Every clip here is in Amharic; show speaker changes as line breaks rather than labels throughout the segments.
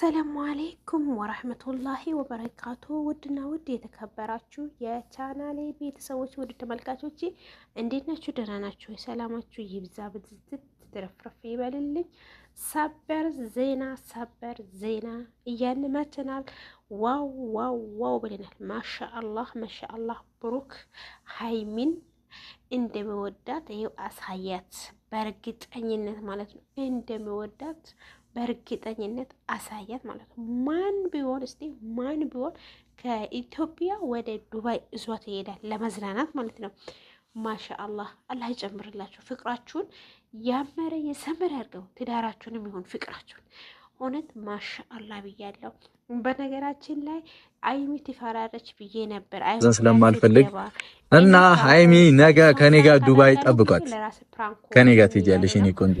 አሰላሙ አሌይኩም ወረህመቱላሂ ወበረካቱ። ውድና ውድ የተከበራችሁ የቻናሌ ቤተሰቦች ውድ ተመልካቾች እንዴት ናችሁ? ደህና ናችሁ? የሰላማችሁ ይብዛ ብዝዝት ትረፍረፍ ይበልልኝ። ሰበር ዜና ሰበር ዜና እያን መትናል። ዋው ዋው ዋው ብለናል። ማሻአላህ ማሻአላህ። ብሩክ ሀይሚን እንደሚወዳት ይኸው አሳያት፣ በእርግጠኝነት ማለት ነው እንደሚወዳት በእርግጠኝነት አሳያት ማለት ነው። ማን ቢሆን እስቲ ማን ቢሆን ከኢትዮጵያ ወደ ዱባይ እዟት ይሄዳል ለመዝናናት ማለት ነው። ማሻ አላህ አላህ ይጨምርላችሁ። ፍቅራችሁን ያመረ የሰመረ ያርገው ትዳራችሁንም ይሁን ፍቅራችሁን እውነት ማሻ አላህ ብያለሁ። በነገራችን ላይ አይሚ ትፈራረች ብዬ ነበር ስለማልፈልግ እና አይሚ ነገ ከኔ ጋር ዱባይ ጠብቋት፣ ከኔ ጋር ትሄጃለሽ የኔ ቆንጆ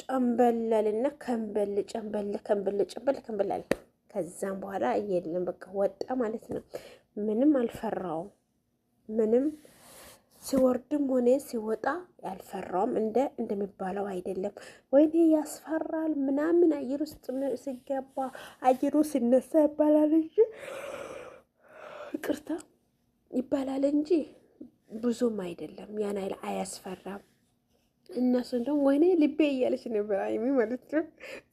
ጨንበለልና ከንበል ጨንበል ከንበል ጨንበል ከንበል አለ። ከዛም በኋላ የለም በቃ ወጣ ማለት ነው። ምንም አልፈራውም። ምንም ሲወርድም ሆነ ሲወጣ ያልፈራውም። እንደ እንደሚባለው አይደለም። ወይኔ ያስፈራል ምናምን አየር ውስጥ ሲገባ አየሩ ሲነሳ ይባላል እንጂ ይቅርታ ይባላል እንጂ ብዙም አይደለም። ያን አይል አያስፈራም። እነሱ እንደውም ወይኔ ልቤ እያለች ነበር አይሚ ማለት ነው።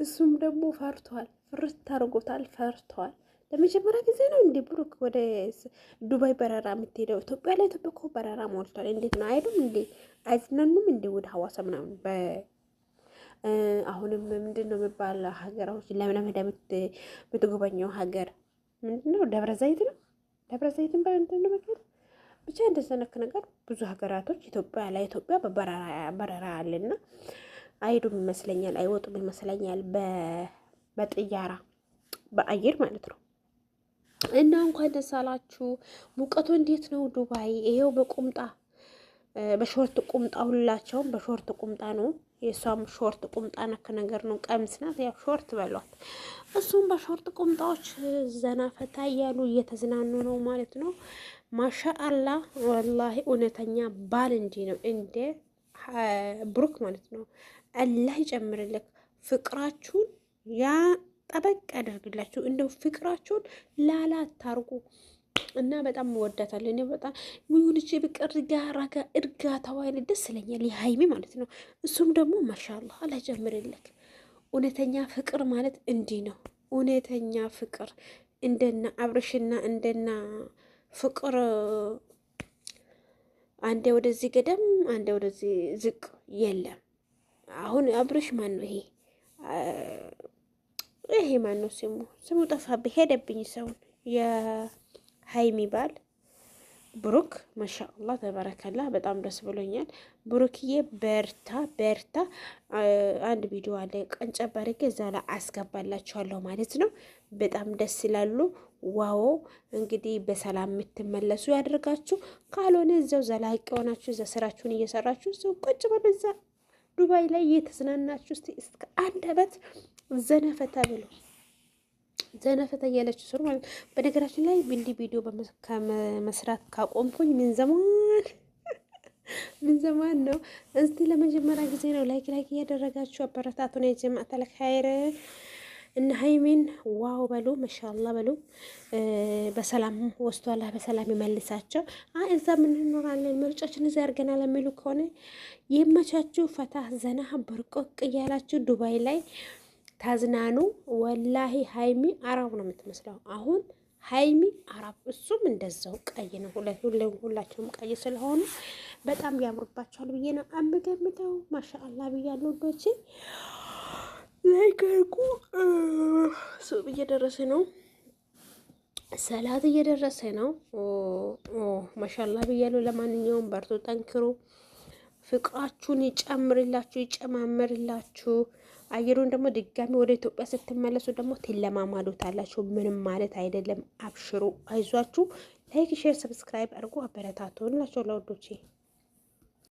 እሱም ደግሞ ፈርተዋል፣ ፍርት አድርጎታል፣ ፈርተዋል። ለመጀመሪያ ጊዜ ነው እንደ ብሩክ ወደ ዱባይ በረራ የምትሄደው። ኢትዮጵያ ላይ ኢትዮጵያ እኮ በረራ ሞልቷል። እንዴት ነው አይሉም እንዴ? አይዝናኑም እንዴ? ወደ ሀዋሳ ምናምን በ አሁንም ምንድን ነው የሚባል ሀገራዎች ለምለምዳ የምትጎበኘው ሀገር ምንድን ነው? ደብረ ዘይት ነው። ደብረ ዘይትን በምንድን ነው ብቻ እንደዘነክ ነገር ብዙ ሀገራቶች ኢትዮጵያ ላይ ኢትዮጵያ በበረራ አለና አይሄዱም ይመስለኛል፣ አይወጡም ይመስለኛል በጥያራ በአየር ማለት ነው። እና እንኳን ደስ አላችሁ። ሙቀቱ እንዴት ነው ዱባይ? ይሄው በቁምጣ በሾርት ቁምጣ ሁላቸውም በሾርት ቁምጣ ነው። የእሷም ሾርት ቁምጣ ነክ ነገር ነው። ቀሚስ ናት፣ ያው ሾርት በሏት። እሱም በሾርት ቁምጣዎች ዘና ፈታ እያሉ እየተዝናኑ ነው ማለት ነው። ማሻአላ ወላሂ እውነተኛ ባል እንዲ ነው እንዴ ብሩክ ማለት ነው። አላህ ይጨምርልክ ፍቅራችሁን ያ ጠበቅ ያደርግላችሁ። እንደው ፍቅራችሁን ላላ አታርጉ። እና በጣም እወዳታለሁ። እኔ በጣም ይሁንች ብቅ እድጋ እርጋታዋ ደስ ይለኛል፣ የሀይሚ ማለት ነው። እሱም ደግሞ ማሻላ አላህ እውነተኛ ፍቅር ማለት እንዲህ ነው። እውነተኛ ፍቅር እንደና አብርሽና እንደና ፍቅር አንዴ ወደዚህ ገደም አንዴ ወደዚህ ዝቅ የለም። አሁን አብርሽ ማን ነው ይሄ? ይሄ ማን ነው ስሙ? ስሙ ጠፋብኝ፣ ሄደብኝ ሰውን ሀይሚ ባል ብሩክ ማሻአላ ተበረከላ በጣም ደስ ብሎኛል። ብሩክዬ በርታ በርታ። አንድ ቪዲዮ አለ ቀንጨ እዛ ላይ አስገባላችኋለሁ ማለት ነው። በጣም ደስ ይላሉ። ዋው እንግዲህ በሰላም የምትመለሱ ያደርጋችሁ። ካልሆነ እዛው ዘላቂ ሆናችሁ እዛ ስራችሁን እየሰራችሁ እዛው ቁጭ በሉ እዛ ዱባይ ላይ እየተዝናናችሁ እስከ አንድ አመት ዘነፈታ ብሎ ዘነፈታ እያለች ስሩ ማለት በነገራችን ላይ ቢልዲ ቪዲዮ መስራት ካቆምኩኝ ምን ዘማን ምን ዘማን ነው። እስቲ ለመጀመሪያ ጊዜ ነው ላይክ ላይክ እያደረጋችሁ አበረታቱን። የጀማ ተለካይረ እና ሀይሜን ዋው በሉ መሻላ በሉ። በሰላም ወስቷላ በሰላም ይመልሳቸው። እዛ ምን እንኖራለን ምርጫችን እዛ ያርገናል የሚሉ ከሆነ የመቻችሁ ፈታ ዘና በርቆቅ እያላችሁ ዱባይ ላይ ተዝናኑ። ወላሂ ሀይሚ አረብ ነው የምትመስለው። አሁን ሀይሚ አረብ፣ እሱም እንደዛው ቀይ ነው። ሁላቸውም ቀይ ስለሆኑ በጣም ያምሩባቸዋል ብዬ ነው የምገምተው። ማሻአላ ብያለሁ ወንዶች። ላይከርቁ ሱብ እየደረሰ ነው፣ ሰላት እየደረሰ ነው። ማሻላ ብያሉ። ለማንኛውም በርቶ ጠንክሮ ፍቅራችሁን ይጨምርላችሁ፣ ይጨማምርላችሁ። አየሩን ደግሞ ድጋሚ ወደ ኢትዮጵያ ስትመለሱ ደግሞ ትለማማዶታላችሁ። ምንም ማለት አይደለም። አብሽሩ፣ አይዟችሁ። ላይክ፣ ሼር፣ ሰብስክራይብ አድርጎ አበረታቱን ላቸው ለወዶቼ